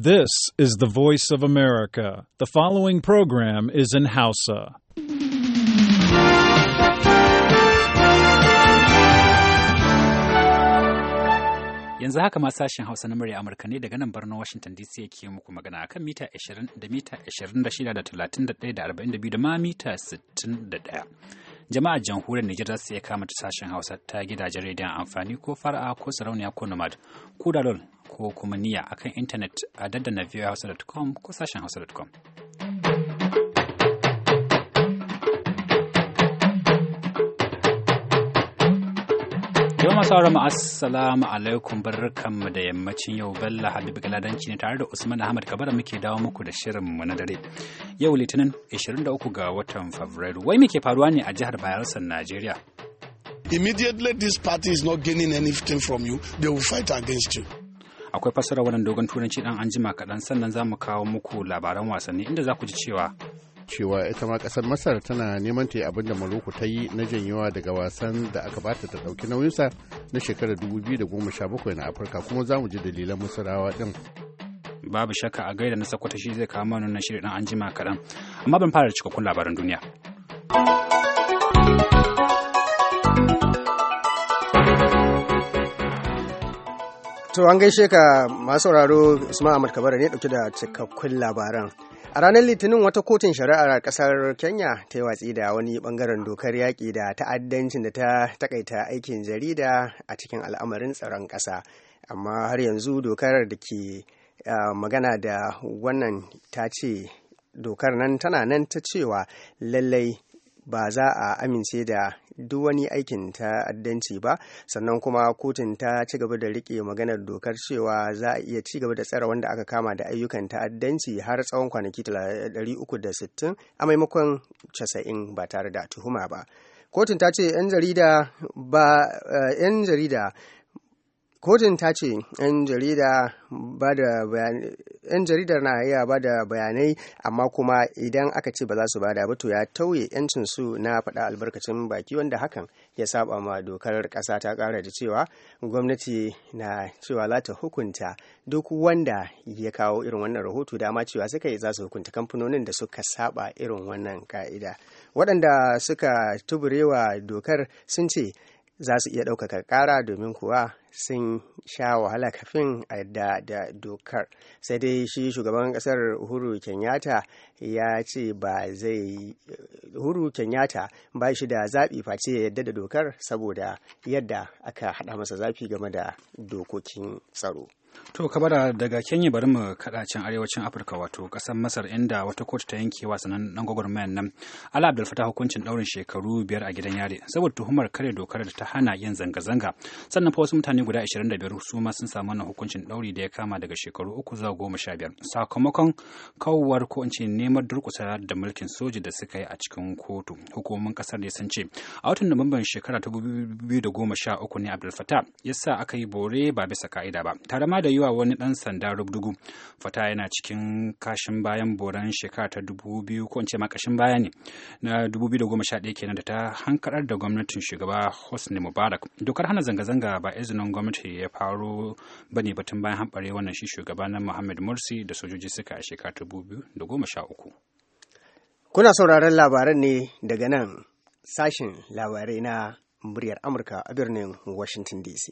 This is the voice of America. The following program is in Hausa. Yanzu haka ma sashen Hausa na murya Amurka ne daga nan birnin Washington DC yake muku magana akan mita 20 da mita 26 da 31 da 42 da ma mita 61. jama'ar jamhuriyar Nijar za su iya kama sashen Hausa ta gidajen rediyon amfani ko fara'a ko sarauniya ko nomad ko dalol ko kuma niyya akan intanet a daddana voahausa.com ko sashen hausa.com. masu sauran mu assalamu alaikum mu da yammacin yau Bello habibu Galadanci ne tare da Usman Ahmad Kabara muke dawo muku da shirin mu na dare. Yau Litinin 23 ga watan Fabrairu. Wai muke faruwa ne a jihar Bayelsa Najeriya? Immediately this party is not gaining anything from you, they will fight against you. Akwai fassara wannan dogon turanci dan anjima kaɗan sannan za mu kawo muku labaran wasanni inda za ku ji cewa cewa ita ma kasar masar tana neman ta yi abin da maroko ta yi na janyewa daga wasan da aka bata ta ɗauki nauyinsa na shekarar 2017 na afirka kuma za mu ji dalilan masarawa din babu shakka a gaida na sakwata shi zai kawo mana wannan shirin an jima kaɗan amma ban fara cikakkun labaran duniya to an gaishe ka masu sauraro usman ahmad kabara ne dauke da cikakkun labaran A ranar Litinin wata kotun shari'ar kasar Kenya ta yi watsi da wani bangaren dokar yaƙi da ta'addancin da ta takaita aikin jarida a cikin al'amarin tsaron ƙasa. Amma har yanzu dokar da ke eh, magana da wannan ta ce dokar nan tana nan ta cewa lallai ba za a amince da duk wani aikin ta'addanci ba sannan kuma kotun ta ci gaba da rike maganar dokar cewa za a iya ci gaba da tsare wanda aka kama da ayyukan ta'addanci har tsawon kwanaki 360 a maimakon 90 ba tare da tuhuma ba kotun ta ce 'yan jarida ba eh, 'yan jarida kotun ta ce 'yan jaridar na iya ba da bayanai amma kuma idan aka ce ba za su bada ba to ya tauye 'yancin su na faɗa albarkacin baki wanda hakan ya saba ma dokar ƙasa ta ƙara da cewa gwamnati na cewa za ta hukunta duk wanda ya kawo irin wannan rahoto dama cewa suka yi za su hukunta kamfanonin da suka saba irin wannan ka'ida waɗanda suka tuburewa dokar sun ce za su iya ɗaukaka ƙara domin kuwa sun sha wahala kafin a yadda da dokar sai dai shi shugaban ƙasar uhuru kenyatta ya ce ba zai uhuru kenyatta ba shi da zaɓi face ya yadda da dokar saboda yadda aka haɗa masa zafi game da dokokin tsaro To kabara daga Kenya bari mu kada can arewacin Afirka wato kasar Masar inda wata kotu ta yanke wa sanan dan gwagwarmayan nan Ala Abdul Fattah hukuncin daurin shekaru biyar a gidan yari saboda tuhumar kare dokar da ta hana yin zanga-zanga. Sannan fa wasu mutane guda 25 su ma sun samu wannan hukuncin dauri da ya kama daga shekaru uku zuwa goma sha biyar sakamakon kawowar ko in ce neman durkusa da mulkin soji da suka yi a cikin kotu. Hukumomin kasar da sun ce a watan Nuwamban shekara ta 2013 ne Abdul Fattah ya sa aka yi bore ba bisa ka'ida ba. Tare ma da da yi wa wani ɗan sanda rubdugu fata yana cikin kashin bayan boran shekara ta dubu biyu ko ce makashin baya ne na dubu biyu da goma sha ɗaya kenan da ta hankalar da gwamnatin shugaba hosni mubarak dokar hana zanga-zanga ba izinin gwamnati ya faro ba ne batun bayan hamɓare wannan shi shugaba na muhammad morsi da sojoji suka a shekara ta dubu biyu da goma sha uku. kuna sauraron labaran ne daga nan sashen labarai na muryar amurka a birnin washington dc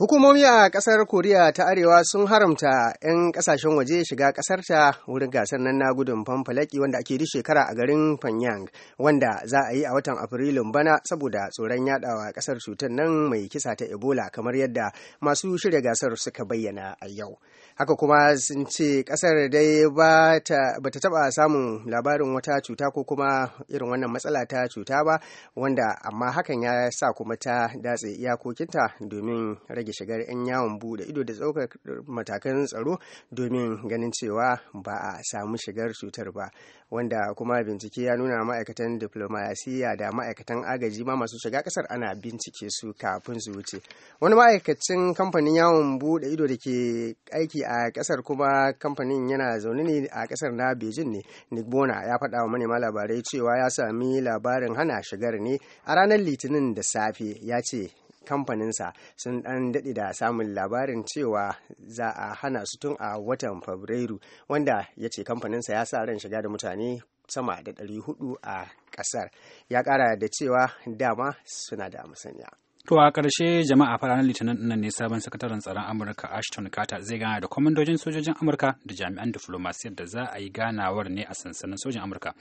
Hukumomi a ƙasar Koriya ta Arewa sun haramta 'yan ƙasashen waje shiga ƙasarta wurin gasar nan na gudun fanfalaki wanda ake duk shekara a garin Pyongyang wanda za a yi a watan Afrilun bana saboda tsoron yadawa ƙasar cutar nan mai kisa ta Ebola kamar yadda masu shirya gasar suka bayyana a yau. haka kuma sun ce kasar dai ba ta taba samun labarin wata cuta ko kuma irin wannan matsala ta cuta ba wanda amma hakan ya sa kuma ta datse iyakokinta domin rage shigar 'yan yawon bude ido da tsaukar matakan tsaro domin ganin cewa ba a samu shigar cutar ba wanda kuma bincike ya nuna ma'aikatan diplomasiya da ma'aikatan agaji ma masu shiga kasar ana bincike su kafin su wuce wani ma'aikacin kamfanin yawon bude ido da ke aiki a kasar kuma kamfanin yana zaune ne a kasar na bejin ne nick ya faɗa wa manema labarai cewa ya sami labarin hana shigar ne a ranar litinin da safe ya ce kamfaninsa sun ɗan daɗe da samun labarin cewa za a hana su tun a watan fabrairu wanda ya ce kamfaninsa ya sa ran shiga da mutane sama da 400 a ƙasar ya ƙara da cewa dama suna da musanya. To a ƙarshe jama'a ranar litinin nan ne sabon sakataren tsaron Amurka Ashton Carter zai gana da kwamandojin sojojin Amurka da jami'an diflomasiyyar da za a yi ganawar ne a sansanin sojin Amurka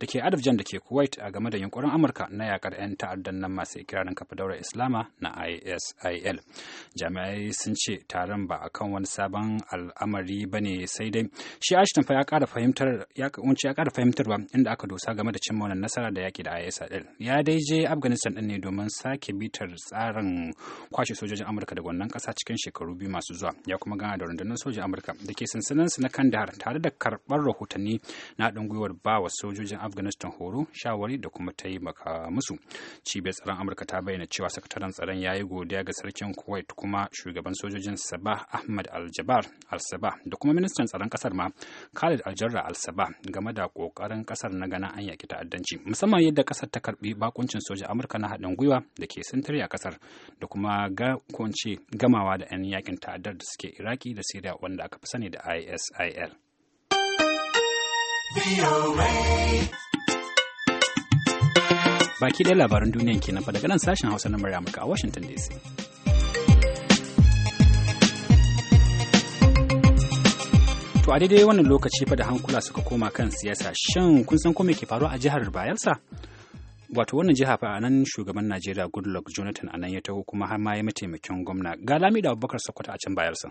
da ke Adabjan da ke Kuwait a game da yunkurin Amurka na yakar 'yan ta'addan nan masu ikirarin kafa daura Islama na ISIL. Jami'ai sun ce taron ba akan wani sabon al'amari ba ne sai dai shi Ashton fa ya ƙara fahimtar ya ƙara fahimtarwa inda aka dosa game da cimma wannan nasara da yaki da ISIL. Ya dai je Afghanistan ɗin ne domin sake bitar tsarin kwashe sojojin amurka daga wannan ƙasa cikin shekaru biyu masu zuwa ya kuma gana da rundunar sojin amurka da ke sansaninsu na kandahar tare da karɓar rahotanni na haɗin gwiwar ba wa sojojin afghanistan horo shawari da kuma taimaka musu cibiyar tsaron amurka ta bayyana cewa sakataren tsaron ya yi godiya ga sarkin kuwait kuma shugaban sojojin sabah ahmad aljabar al-sabah da kuma ministan tsaron kasar ma khalid aljarra al-sabah game da kokarin kasar na gana an yaki ta'addanci musamman yadda kasar ta karbi bakuncin soja amurka na haɗin gwiwa da ke sintiri a kasar da kuma kunce gamawa da 'yan yakin ta'addar da suke iraki da syria wanda aka fi sani da isil baki ɗaya labarin duniyan kenan fa daga nan sashen hausa na murya amurka a washington dc To a daidai wannan lokaci fa da hankula suka koma kan siyasa shan kun san ko me ke faruwa a jihar Bayelsa? wato wannan jiha fa nan shugaban najeriya goodluck jonathan anan ya taho kuma har ma ya mataimakin gwamna ga lami da abubakar sokoto a can bayarsa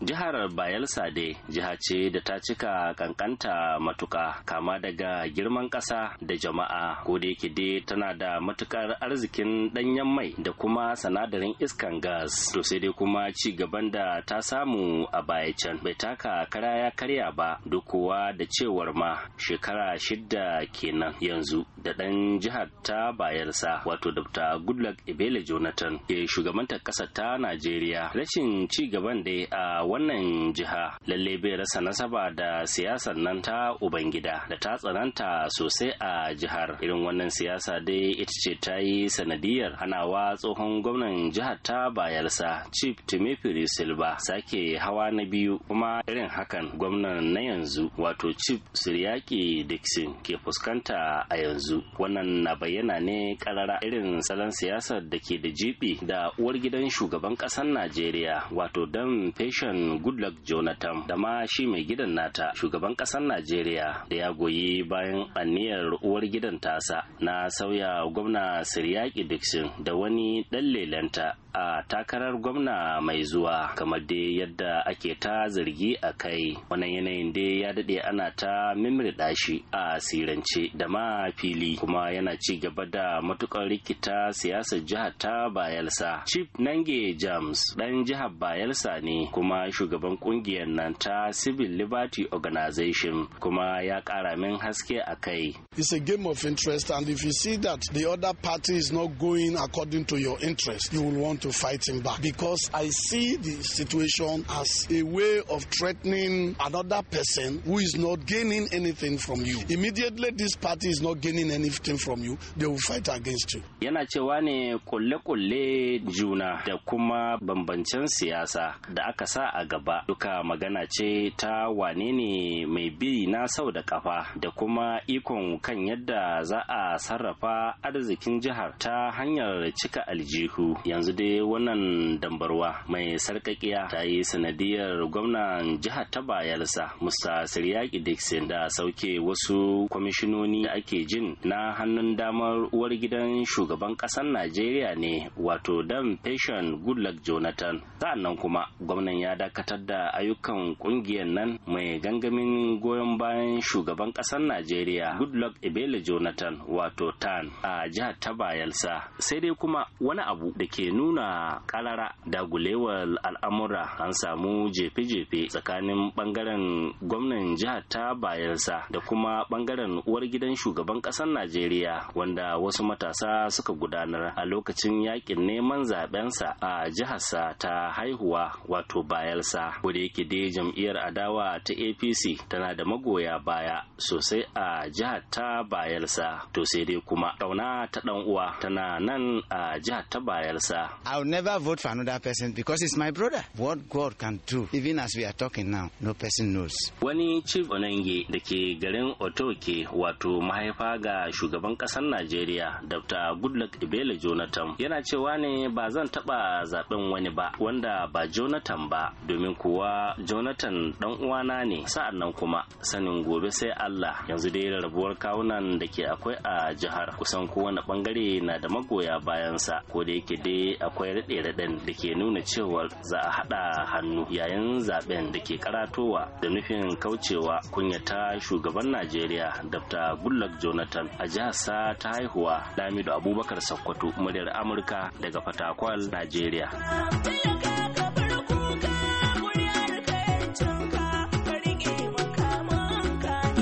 Jihar Bayelsa dai jiha ce da ta cika kankanta matuka kama daga girman ƙasa da jama'a ko da yake dai tana da matukar arzikin ɗanyen mai da kuma sanadarin iskan gas to sai dai kuma ci gaban da ta samu a baya can bai taka kara ya karya ba duk kuwa da cewar ma shekara shidda kenan yanzu da ɗan jihar ta Bayelsa wato Dr. Goodluck Ebele Jonathan ke shugabantar ƙasar ta Najeriya rashin ci gaban dai a wannan jiha lalle bai rasa nasaba da siyasar nan ta ubangida da ta tsananta sosai a jihar irin wannan siyasa dai ita ce ta yi sanadiyar hanawa tsohon gwamnan jihar ta bayelsa chief timothy silva sake hawa na biyu kuma irin hakan gwamnan na yanzu wato chief siriyaki dixon ke fuskanta a yanzu wannan na bayyana ne karara irin salon siyasar da ke da jibi da uwar gidan shugaban ƙasar najeriya wato dan fashion bangaren goodluck jonathan da ma shi mai gidan nata shugaban kasar najeriya da ya goyi bayan aniyar uwar gidan tasa na sauya gwamna siriyaki dixon da wani dan lelanta a takarar gwamna mai zuwa kamar dai yadda ake ta zargi a kai wannan yanayin da ya daɗe ana ta mimrida shi a sirance da ma fili kuma yana ci gaba da matukar rikita siyasar jihar ta bayelsa chief nange james Dan jihar bayelsa ne kuma shugaban kungiyar nan ta civil liberty organization kuma ya kara min haske a kai it's a game of interest and if you see that the other party is not going according to your interest you will want to fight him back because i see the situation as a way of threatening another person who is not gaining anything from you immediately this party is not gaining anything from you they will fight against you yana cewa ne kulle-kulle juna da kuma bambancin siyasa da aka sa a gaba duka magana ce ta wane ne mai bi na sau da kafa da kuma ikon kan yadda za a sarrafa arzikin jihar ta hanyar cika aljihu yanzu dai wannan dambarwa mai sarkakiya ta yi sanadiyar gwamnan jihar ta bayelsa musta siriyaki dixon da sauke wasu kwamishinoni da ake jin na hannun damar uwar gidan shugaban ƙasar najeriya ne wato dan fashion goodluck jonathan sa'annan kuma gwamnan ya dakatar da ayyukan kungiyar nan mai gangamin goyon bayan shugaban kasar najeriya goodluck ebele jonathan wato tan a jihar ta bayelsa sai dai kuma wani abu da ke nuna kalara gulewar al'amura an samu jefe-jefe tsakanin bangaren gwamnan jihar ta bayelsa da kuma bangaren uwar gidan shugaban kasar najeriya wanda wasu matasa suka gudanar a lokacin yakin neman zabensa a jiharsa ta haihuwa wato baya bayelsa da yake dai jam'iyyar adawa ta apc tana da magoya baya sosai a jihar ta bayelsa to sai dai kuma kauna ta dan uwa tana nan a jihar ta bayelsa i will never vote for another person because it's my brother what god can do even as we are talking now no person knows wani chief onenge da ke garin otoke wato mahaifa ga shugaban kasar najeriya dr goodluck ibele jonathan yana cewa ne ba zan taɓa zaben wani ba wanda ba jonathan ba domin kuwa jonathan dan uwana ne sa'an nan kuma sanin gobe sai allah yanzu dai rarrabuwar kawunan da ke akwai a jihar kusan kowane bangare na da magoya bayansa ko da yake dai akwai raɗe-raɗen da ke nuna cewar za a haɗa hannu yayin zaben da ke karatowa da nufin kaucewa kunyata shugaban najeriya dr gullak jonathan a jihar sa ta haihuwa lamido abubakar sakkwato muryar amurka daga fatakwal najeriya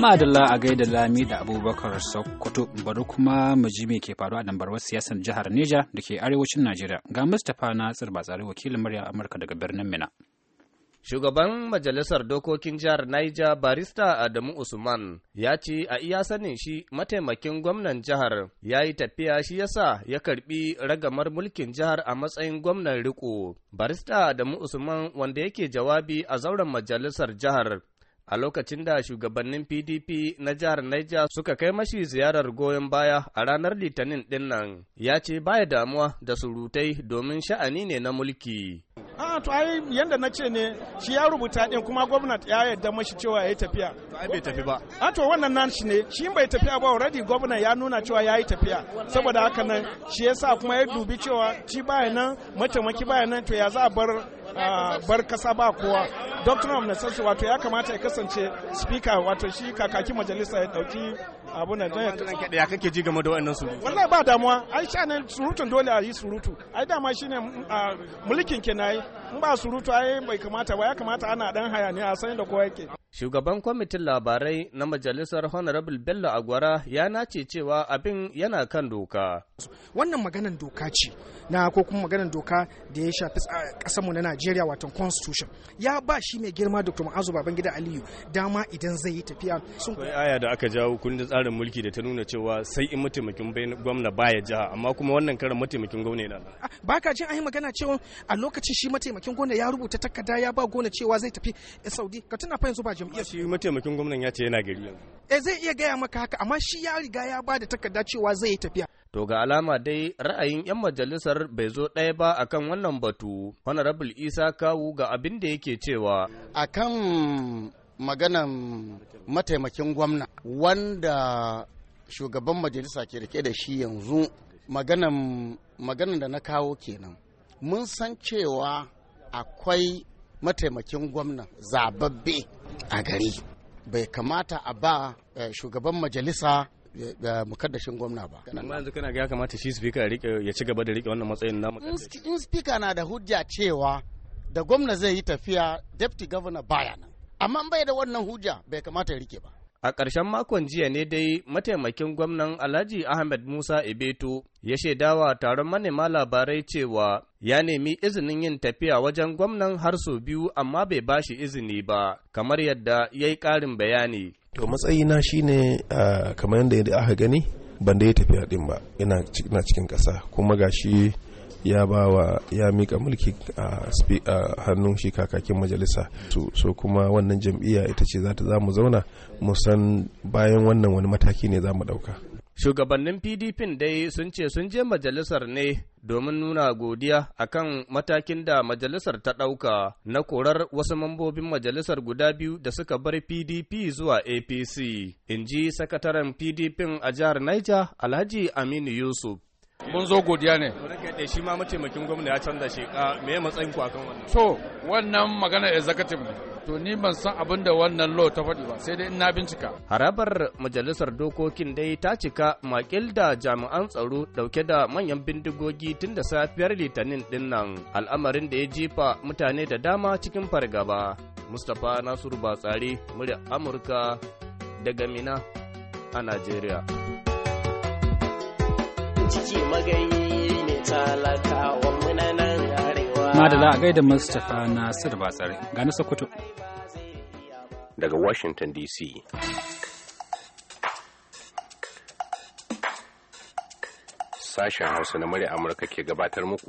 Madalla a gaida Lami da Abubakar Sokoto bari kuma mu ji me ke faruwa a dambarwar siyasar jihar Neja da ke arewacin Najeriya ga Mustapha Nasir Batsari wakilin murya Amurka daga birnin Mina. Shugaban Majalisar Dokokin Jihar Niger Barista Adamu Usman ya ce a iya sanin shi mataimakin gwamnan jihar ya yi tafiya shi yasa ya karbi ragamar mulkin jihar a matsayin gwamnan riko. Barista Adamu Usman wanda yake jawabi a zauren majalisar jihar a lokacin da shugabannin PDP na jihar Niger suka kai mashi ziyarar goyon baya a ranar Litinin ɗin nan, ya ce baya damuwa da surutai domin sha'ani ne na mulki. a to ai yanda na ce ne shi ya rubuta din kuma gwamnati ya yarda mashi cewa ya yi tafiya ai bai tafi ba a to wannan nan shi ne shi bai tafiya ba already gwamna ya nuna cewa ya yi tafiya saboda haka nan shi yasa kuma ya dubi cewa shi baya nan matamaki baya nan to ya za a bar Ah, bar kasa ba kowa doctrine of necessity wato ya kamata ya kasance speaker wato shi kakakin majalisa ya dauki abu na don ya kake ji game da wannan surutu wallahi ba damuwa ai sha ne surutun dole a yi surutu ai dama shine ah, mulkin kenan in ba surutu ai bai kamata ba ya kamata ana dan hayaniya a san da kowa yake shugaban kwamitin labarai na majalisar honorable bello agwara ya nace cewa abin yana kan doka wannan maganan doka ce na ko kuma maganan doka da ya shafi mu na najeriya wato constitution ya ba shi mai girma dr ma'azu babangida aliyu dama idan zai yi tafiya sun kai aya da aka jawo kundin tsarin mulki da ta nuna cewa sai in mataimakin gwamna baya jiha amma kuma wannan karan mataimakin gwamna ne ba ka jin ai magana cewa a lokacin shi mataimakin mataimakin gwamna ya rubuta takarda ya ba gona cewa zai tafi eh, saudi ka tuna fa yanzu ba jam'iyyar shi mataimakin gwamnan ya ce yana gari eh, zai iya gaya maka haka amma shi ya riga ya ba da takarda cewa zai yi tafiya To ga alama dai ra'ayin 'yan majalisar bai zo ɗaya ba a kan wannan batu, Honorable Isa kawu ga abin da yake cewa. A kan maganan mataimakin gwamna wanda shugaban majalisa ke rike da shi yanzu maganan da na kawo kenan. Mun san cewa akwai mataimakin gwamna zababbe a gari bai kamata a ba eh, shugaban majalisa da eh, eh, mukaddashin gwamna ba. Amma yanzu kana ga ya kamata shi speaker ya ci gaba da rike wannan matsayin na In speaker na da hujja cewa da gwamna zai yi tafiya deputy governor baya nan. Amma bai da wannan hujja bai kamata ya rike ba. A ƙarshen makon jiya ne dai mataimakin gwamnan Alhaji Ahmed Musa Ebeto ya shaidawa taron manema labarai cewa ya nemi izinin yin tafiya wajen gwamnan har sau biyu amma bai ba shi izini ba kamar yadda ya yi ƙarin bayani. To matsayina ne kamar yadda aka gani ban da ya tafiya ɗin ba ina cikin ƙasa kuma gashi ya bawa ya mika mulki a hannun shi kakakin majalisa so kuma wannan jam'iyya ita ce za ta za zauna mu san bayan wannan wani mataki ne za mu ɗauka. Shugabannin PDP dai sun ce sun je majalisar ne domin nuna godiya akan matakin da majalisar ta ɗauka na korar wasu mambobin majalisar guda biyu da suka bar PDP zuwa APC, in ji sakataren PDP a jihar Niger Alhaji Aminu Yusuf. mun zo godiya ne da shi ma mataimakin gwamna ya canza shi ah, me matsayin ku akan wannan so wannan magana executive ne to ni ban san abin da wannan law ta faɗi ba sai dai na bincika harabar majalisar dokokin dai ta cika makil da jami'an tsaro dauke da manyan bindigogi tun da safiyar litinin din nan al'amarin da ya jefa mutane da dama cikin fargaba mustapha nasiru batsari murya amurka daga mina a najeriya ciki magayi ne talakawan munanan arewa. Madala a gaida Mustapha Nasir Batsari ga na Sokoto. Daga Washington DC. Sashen Hausa na murya Amurka ke gabatar muku.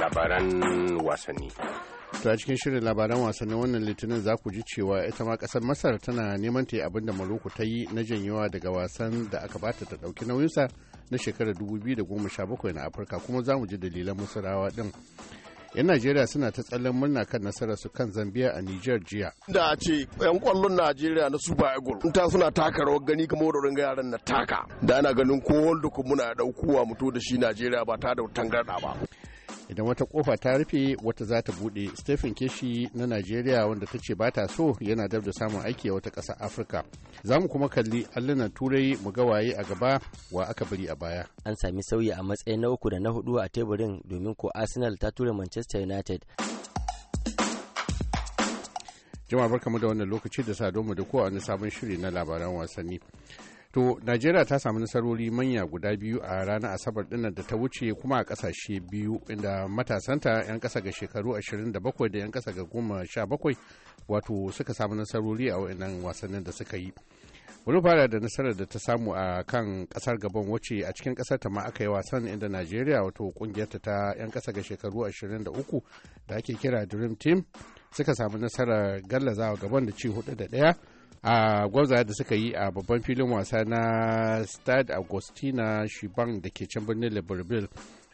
Labaran wasanni. To a cikin shirin labaran wasannin wannan litinin za ku ji cewa ita ma kasar Masar tana neman ta yi abin da Maroko ta yi na janyewa daga wasan da aka bata ta dauki nauyinsa na shekarar da goma sha bakwai na Afirka kuma za mu ji dalilan rawa din. 'yan najeriya suna ta tsallen murna kan su kan zambia a niger jiya da a ce yan kwallon najeriya na super eagle ta suna taka rawar gani kamar wadorin yaran na taka da ana ganin ko da kuma muna daukowa mutu da shi najeriya ba ta da tangarda ba idan wata kofa ta rufe wata za ta bude stephen keshi na nigeria wanda ta ce ba ta so yana dab da samun aiki a wata kasa afirka za mu kuma kalli allunan turai mu ga waye a gaba wa aka bari a baya an sami sauyi a matsayin na uku da na hudu a teburin domin ko arsenal ta tura manchester united jama'a barkamu da wannan lokaci da sa mu da kowa wani sabon shiri na labaran wasanni To, Najeriya ta samu nasarori manya guda biyu a ranar Asabar dinnan da ta wuce kuma a kasashe biyu inda matasanta 'yan kasa ga shekaru 27 da 'yan kasa ga 17 wato suka samu nasarori a waɗannan wasannin da suka yi. Bari fara da nasarar da ta samu a kan kasar gabon wuce a cikin kasar ta ma aka yi wasan inda Najeriya wato ƙungiyarta ta 'yan kasa ga shekaru 23 da ake kira Dream Team suka samu nasarar gallazawa gaban da ci hudu da ɗaya. a gwabza da suka yi a babban filin wasa na stade agostina shibang da ke can birnin libreville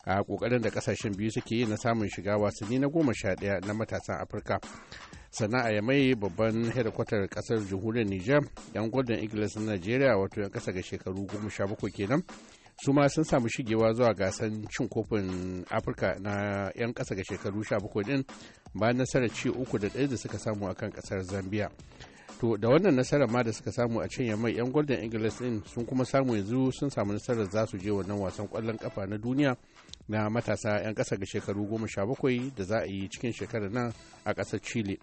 a kokarin da kasashen biyu suke yi na samun shiga wasanni na goma sha daya na matasan afirka sana'a ya mai babban hedikwatar kasar jamhuriyar niger yan gordon eagles na nigeria wato yan kasa ga shekaru goma sha bakwai kenan su ma sun samu shigewa zuwa gasan cin kofin afirka na yan kasa ga shekaru sha bakwai din bayan nasarar ci uku da ɗaya da suka samu akan kasar zambia to da wannan nasarar ma da suka samu a can mai yan golden eagles din sun kuma samu yanzu sun samu nasarar za su je wannan wasan kwallon kafa na duniya na matasa yan kasa ga shekaru goma sha bakwai da za a yi cikin shekarar nan a kasar chile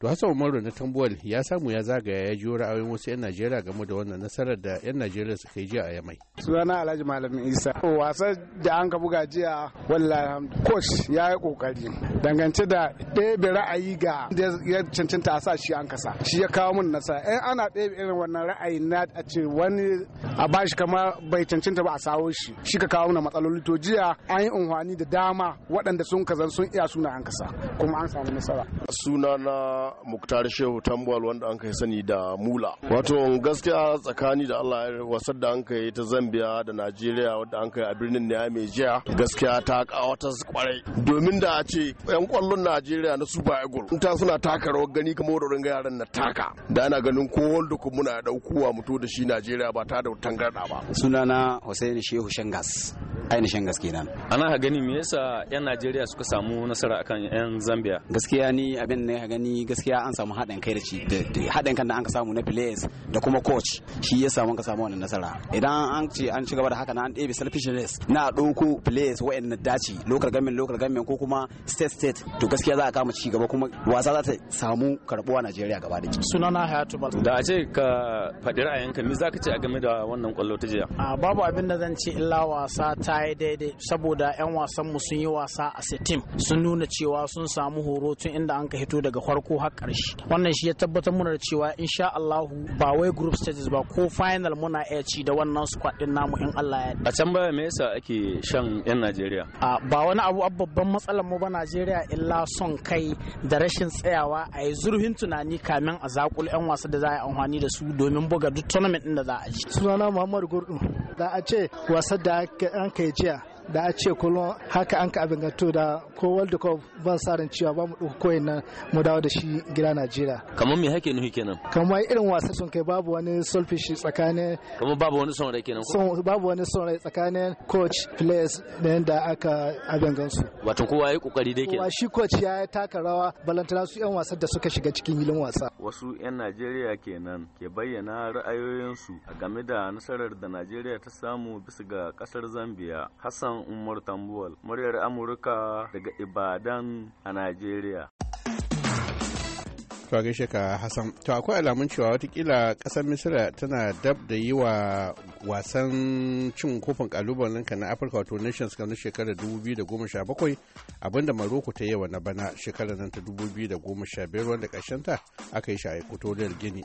to hassan umaru na tambuwal ya samu ya zagaya ya jiwo ra'ayoyin wasu 'yan najeriya game da wannan nasarar da 'yan najeriya suka yi jiya a yamai sunana alhaji malamin isa wasan da an ka buga jiya wallahi coach ya yi kokari dangance da ɗebe ra'ayi ga ya cancanta a sa shi an kasa shi ya kawo mun nasara in ana ɗebe irin wannan ra'ayi na a ce wani a bashi kamar bai cancanta ba a sawo shi shi ka kawo min matsaloli to jiya an yi unhwani da dama waɗanda sun kazan sun iya suna an kasa kuma an samu nasara sunana muktar shehu tambal wanda an kai sani da mula wato gaskiya tsakani da allah ya wasar da an kai ta zambia da najeriya wadda an kai a birnin ne mai jiya gaskiya ta kawata kwarai domin da a ce yan kwallon najeriya na super eagles in ta suna taka rawar gani kamar wurin ga yaran na taka da ana ganin ko wanda muna daukowa mutu da shi najeriya ba ta da tangarda ba sunana hussein shehu shangas ainihin gaske nan ana gani me yasa yan najeriya suka samu nasara akan yan zambia gaskiya ni abin ne gani gaskiya an samu haɗin kai da shi haɗin kan da an ka samu na players da kuma coach shi ya samu ka samu wannan nasara idan an ce an ci gaba da haka na an ɗebe selfishness na ɗauko players na dace local government local government ko kuma state state to gaskiya za a kama ci gaba kuma wasa za ta samu karɓuwa najeriya gaba da sunana hayatu bal da a ce ka faɗi ra'ayinka me za ka ce a game da wannan kwallo ta jiya babu abin da zan ce illa wasa ta ta yi daidai saboda 'yan wasanmu sun yi wasa a sitim sun nuna cewa sun samu horo tun inda an ka hito daga farko har karshe wannan shi ya tabbatar muna da cewa insha Allahu ba wai group stages ba ko final muna iya ci da wannan squad din namu in Allah ya a can baya me yasa ake shan 'yan Najeriya a ba wani abu babban matsalar mu ba Najeriya illa son kai da rashin tsayawa a yi zurfin tunani kamin a zakul 'yan wasa da za a yi amfani da su domin buga duk tournament din da za a ji sunana Muhammad Gurdu da a ce wasa da an kai jiya da a ce kullum haka an ka abin ganto da ko world cup ban sa ran cewa ba mu ɗauki koyin nan mu dawo da shi gida najeriya kamar me hake nuhi kenan kamar irin wasa sun kai babu wani sulfish tsakanin kamar babu wani son rai kenan babu wani son rai tsakanin coach players da yanda aka abin gansu wato kowa ya kokari dai kenan shi coach ya taka rawa balantana su yan wasan da suka shiga cikin filin wasa wasu yan najeriya kenan ke bayyana ra'ayoyinsu game da nasarar da najeriya ta samu bisa ga kasar zambia hassan Hassan Umar Tambuwal, muryar Amurka daga Ibadan a Najeriya. To gaishe ka Hassan. To akwai alamun cewa watakila kasar Misira tana dab da yi wa wasan cin kofin kalubalen na Afirka wato Nations Cup na shekarar 2017 abinda Maroko ta yi wa na bana shekarar nan ta 2015 wanda ƙarshen ta aka yi shi a Equatorial Guinea.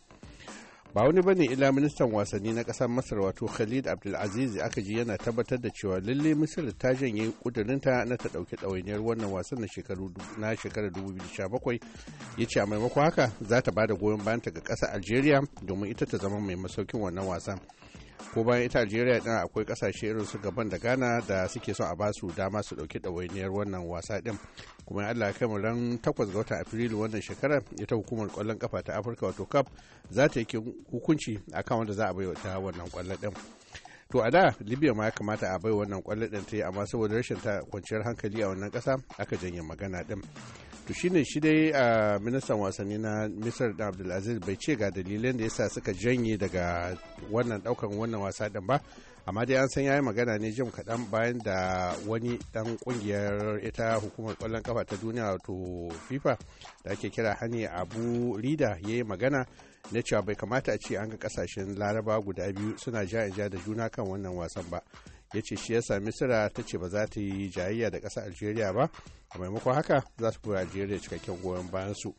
ba wani bane ila ministan wasanni na kasar masar wato khalid abdulaziz aka ji yana tabbatar da cewa lalle misir ta janye kudurinta na ta dauki ɗawainiyar wannan wasan na shekaru na shekarar 2017 ya ce a maimakon haka za ta ba da goyon bayanta ga ƙasar algeria domin ita ta zama mai masaukin wannan wasan ko bayan ita algeria din akwai kasashe irin su gaban da ghana da suke son a basu dama su dauki ɗawainiyar wannan wasa din kuma ya allah kai mu ran 8 ga watan afrilu wannan shekarar ita hukumar kwallon kafa ta afirka wato cup za ta yi hukunci akan wanda za a bai wata wannan kwallon din to a da libya ma ya kamata a bai wannan kwallon din ta yi amma saboda rashin ta kwanciyar hankali a wannan kasa aka janye magana din to shine shi dai a ministan wasanni na misar da abdulaziz bai ce ga dalilin da yasa suka janye daga wannan daukan wannan wasa din ba amma dai an san yayi magana ne jim kaɗan bayan da wani dan kungiyar ita hukumar kwallon kafa ta duniya wato fifa da ake kira hani abu rida ya yi magana na cewa bai kamata a ce an ga kasashen laraba guda biyu suna ja ja da juna kan wannan wasan ba ya ce shi sami misira ta ce ba za ta yi jayayya da ƙasa algeria ba a maimakon haka za su kura algeria cikakken goyon bayan su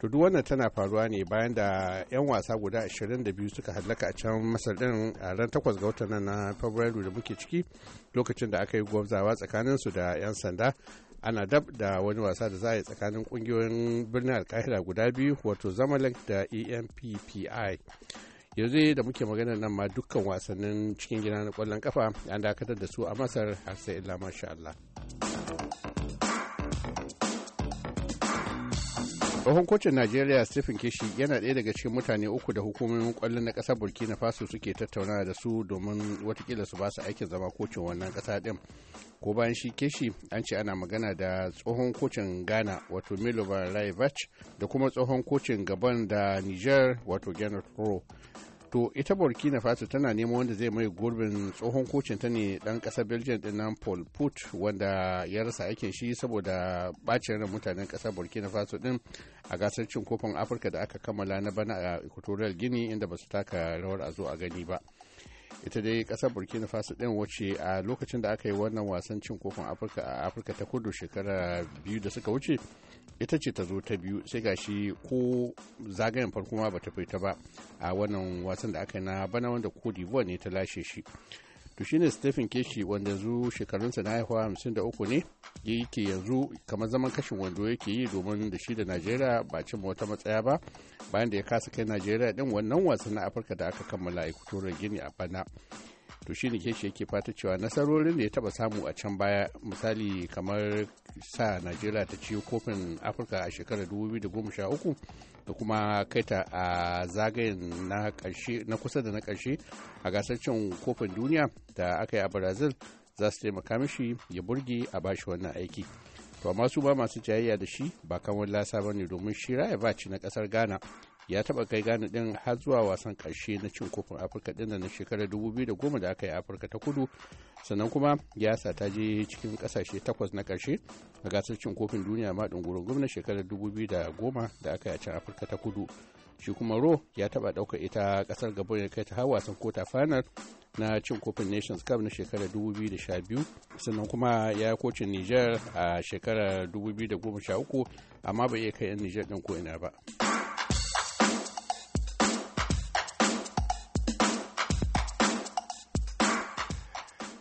to duk wannan tana faruwa ne bayan da 'yan wasa guda 22 suka hallaka a can masar din a ran 8 ga watan na fabrairu da muke ciki lokacin da aka yi gwamzawa tsakanin su da 'yan sanda ana dab da wani wasa da za a yi tsakanin kungiyoyin birnin alkahira guda biyu wato zamalek da empi yanzu da muke magana nan ma dukkan wasannin cikin gida na kwallon kafa an dakatar da su a masar har sai illa masha tsohon kocin najeriya stephen kishi yana ɗaya daga cikin mutane uku da hukumomin kwallon na ƙasar burkina faso suke tattauna da su domin watakila su ba su aikin zama kocin wannan ƙasa ɗin ko bayan shi kishi an ce ana magana da tsohon kocin ghana wato milovan raivach da kuma tsohon kocin gabon da niger wato gennaro to ita burkina faso tana neman wanda zai mai gurbin tsohon kocin ta ne dan kasar belgium din nan paul put wanda ya rasa aikin shi saboda bacin ran mutanen kasar burkina faso din a gasar cin kofin afirka da aka kammala na bana a equatorial gini inda ba su taka rawar a zo a gani ba ita dai kasar burkina faso din wace a lokacin da aka yi wannan wasan cin kofin afirka a afirka ta kudu shekara biyu da suka wuce ita ce ta zo ta biyu sai gashi ko zagayen farko ma bata fita ba a wannan wasan da aka yi na bana wanda ko dibuwa ne ta lashe shi to shine stephen keshi wanda zu shekarunsa na haihuwa hamsin da uku ne yake yanzu kamar zaman kashin wando yake yi domin da shi da najeriya ba cin wata matsaya ba bayan da ya kasa kai najeriya din wannan wasan na afirka da aka kammala a gini a bana to shi ne shi yake fata cewa nasarorin da ya taba samu a can baya misali kamar sa najeriya ta ci kofin afirka a shekarar 2013 da kuma kaita a zagayen na kusa da na karshe a gasar cin kofin duniya da aka yi a brazil za su taimaka mishi ya burge a bashi wannan aiki to amma su ba masu jayayya da shi ba kamar lasa ba ne domin shi ba ci na kasar ghana ya taba kai gane din har zuwa wasan karshe na cin kofin afirka din na shekarar 2010 da aka yi afirka ta kudu sannan kuma ya sa ta je cikin kasashe takwas na karshe a gasar cin kofin duniya ma dungurin gwamnati shekarar 2010 da aka yi a can afirka ta kudu shi kuma ro ya taba ɗaukar ita kasar gabon ya kai ta har wasan kota final na cin kofin nations cup na shekarar 2012 sannan kuma ya kocin niger a shekarar 2013 amma bai iya kai yan niger din ko ina ba.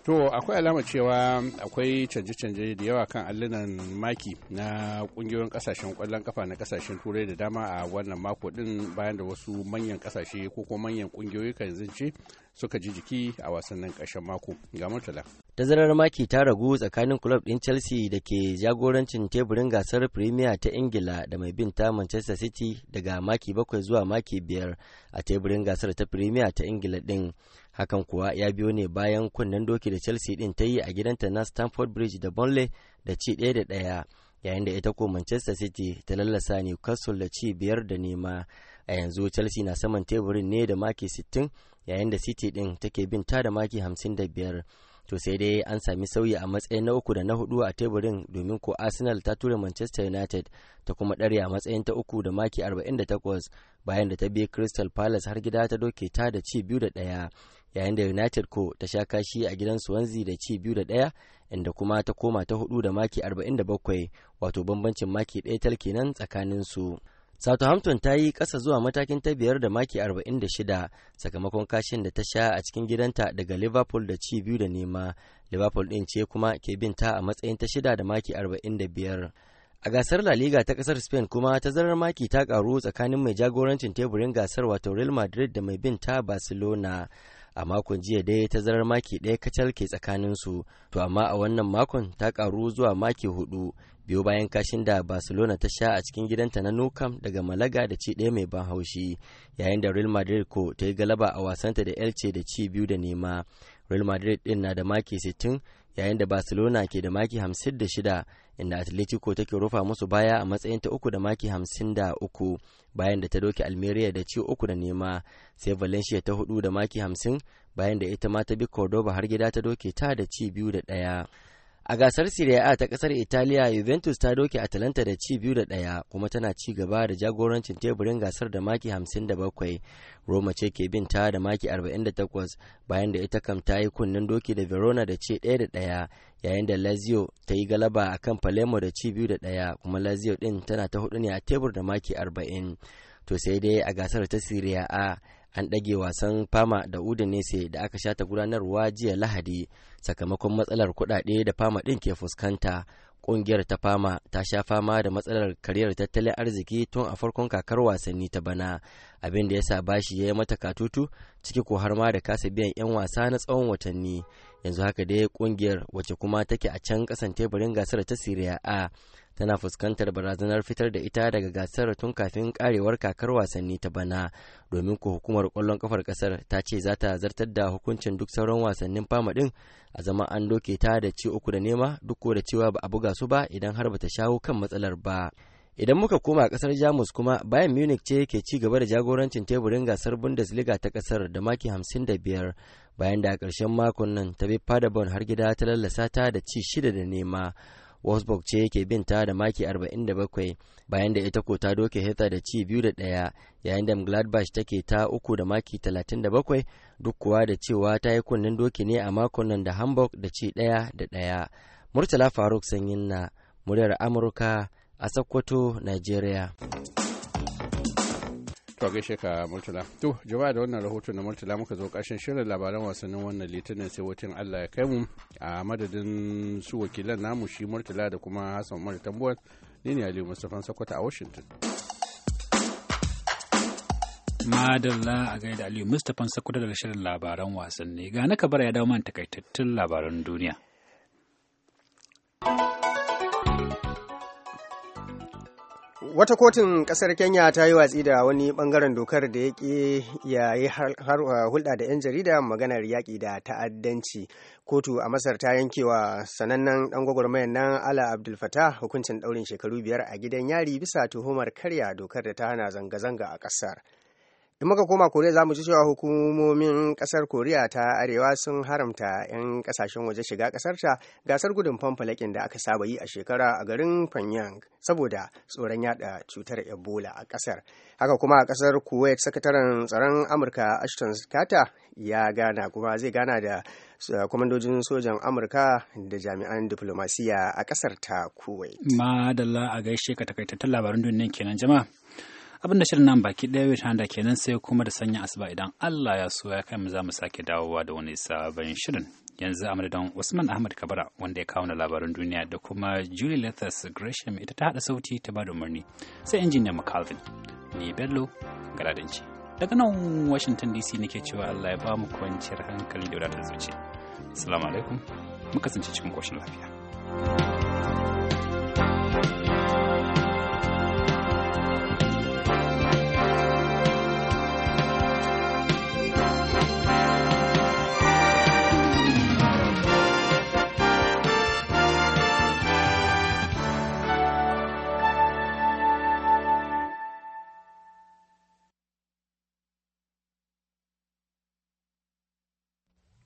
To akwai alama cewa akwai canje-canje da yawa kan allunan maki na kungiyoyin kasashen kwallon kafa na kasashen turai da dama a wannan mako din bayan da wasu manyan kasashe ko kuma manyan kungiyoyi kan zance suka ji jiki a wasannin ƙarshen mako ga murtala. Tazarar maki ta ragu tsakanin kulob ɗin Chelsea da ke jagorancin teburin gasar Premier ta Ingila da mai bin ta Manchester City daga maki bakwai zuwa maki biyar a teburin gasar ta Premier ta Ingila din. hakan kuwa ya biyo ne bayan kunnen doki da chelsea din ta yi a gidanta na stamford bridge da burnley da ci ɗaya da ɗaya yayin da ita ko manchester city ta lallasa newcastle da ci biyar da nema a yanzu chelsea na saman teburin ne da maki 60 yayin da city din take bin ta da maki 55 to sai dai an sami sauyi a matsayin na uku da na hudu a teburin domin ko arsenal ta tura manchester united ta kuma ɗare a matsayin ta uku da maki 48 bayan da ta biye crystal palace har gida ta doke ta da ci biyu da ɗaya yayin da united ko ta sha kashi a gidan swansea da ci biyu da daya inda kuma ta koma ta hudu da maki 47 wato bambancin maki daya tal kenan tsakanin su Southampton ta yi kasa zuwa matakin ta biyar da maki 46 sakamakon kashin da ta sha a cikin gidanta daga Liverpool da ci biyu da nema. Liverpool ɗin ce kuma ke bin ta a matsayin ta shida da maki 45. A gasar La Liga ta kasar Spain kuma tazarar maki ta karu tsakanin mai jagorancin teburin gasar wato Real Madrid da mai bin ta Barcelona. a makon jiya dai tazarar maki ɗaya kacal ke tsakanin su to amma a wannan makon ta karu zuwa maki hudu biyu bayan kashin da barcelona ta sha a cikin gidanta na nukam daga malaga da ci ɗaya mai ban haushi yayin da real madrid ko ta yi galaba a wasanta da elce da ci biyu da nema real madrid ɗin na da maki sittin yayin da barcelona ke da maki hamsin da 56 inda atletico take rufa musu baya a matsayin ta uku da maki hamsin da uku bayan da ta doke almeria da ci uku da nema sai valencia ta hudu da maki hamsin bayan da ita ma ta bi cordoba har gida ta doke ta da ci biyu da ɗaya A gasar Serie A ta kasar Italiya, Juventus ta doke Atalanta da ci biyu da ɗaya kuma tana ci gaba da jagorancin teburin gasar da maki 57. Roma ce ke bin ta da maki 48 bayan da ita kam ta yi kunnen doki da Verona da ci ɗaya da ɗaya yayin da Lazio ta yi galaba a kan Palermo da ci biyu da ɗaya kuma Lazio ɗin tana ta hudu ne a tebur da maki 40. To sai dai a gasar ta Serie A an ɗage wasan fama da udinese da aka shata gudanarwa jiya lahadi sakamakon matsalar kuɗaɗe da fama ɗin ke fuskanta ƙungiyar ta fama ta sha fama da matsalar kariyar tattalin arziki tun a farkon kakar wasanni ta bana abin da ya sa bashi ya yi mata katutu ciki ko har ma da kasa biyan 'yan wasa na tsawon watanni yanzu haka dai ƙungiyar wacce kuma take a can ƙasan teburin gasar ta siriya a tana fuskantar barazanar fitar da ita daga gasar tun kafin karewar kakar wasanni ta bana domin ko hukumar kwallon kafar kasar ta ce za ta zartar da hukuncin duk sauran wasannin fama din a zama an doke ta da ci uku da nema duk da cewa ba a buga su ba idan har ba ta shawo kan matsalar ba idan muka koma kasar jamus kuma bayan munich ce ke ci gaba da jagorancin teburin gasar bundesliga ta kasar da maki hamsin da biyar bayan da a ƙarshen makon nan ta bi paderborn har gida ta lallasa ta da ci shida da nema Wolfsburg ce yake bin ta da maki 47 bayan da ita ko ta doke Hertha da ci biyu da ɗaya yayin da Gladbach take ta uku da maki 37 duk kuwa da cewa ta yi kunnen doki ne a makon nan da Hamburg da ci ɗaya da ɗaya. Murtala Faruk Sanyin na muryar Amurka a Sokoto, Nigeria. To gaishe ka Murtala. To jima da wannan rahoto na Murtala muka zo ƙarshen shirin labaran wasannin wannan litinin sai wutin Allah ya kai mu a madadin su wakilan namu shi Murtala da kuma Hassan Umar tambuwar ni ne Aliyu Mustapha Sokoto a Washington. Madalla a gaida Aliyu Mustapha Sokoto daga shirin labaran wasanni ga na kabara ya dawo man takaitattun labaran duniya. wata kotun kasar kenya ta yi watsi da wani bangaren dokar da ya ya yi uh, hulɗa da 'yan jarida maganar yaƙi da ta'addanci kotu a masar ta yankewa sanannen ɗan gwagwarmayan nan ala abdul fatah hukuncin ɗaurin shekaru biyar a gidan yari bisa tuhumar karya dokar da ta hana zanga-zanga a ƙasar in muka koma koriya za mu ji cewa hukumomin kasar koriya ta arewa sun haramta 'yan kasashen waje shiga kasarta gasar gudun fanfalakin da aka saba yi a shekara a garin pyongyang saboda tsoron yada cutar ebola a kasar haka kuma a kasar kuwait sakataren tsaron amurka ashton carter ya gana kuma zai gana da uh, kwamandojin sojan amurka da jami'an diplomasiya a kasar ta kuwait madalla a gaishe ka takaitattun labaran duniya kenan jama'a abin da shirin nan baki ɗaya wai da kenan sai kuma da sanya asuba idan Allah ya so ya kai mu za mu sake dawowa da wani sabon shirin yanzu a madadin Usman Ahmad Kabara wanda ya kawo labarin duniya da kuma Julie Lethers Gresham ita ta haɗa sauti ta bada umarni sai injiniya McCalvin ni Bello Galadanci daga nan Washington DC nake cewa Allah ya ba mu kwanciyar hankali da wadatar zuciya. Assalamu alaikum. mu kasance cikin koshin lafiya.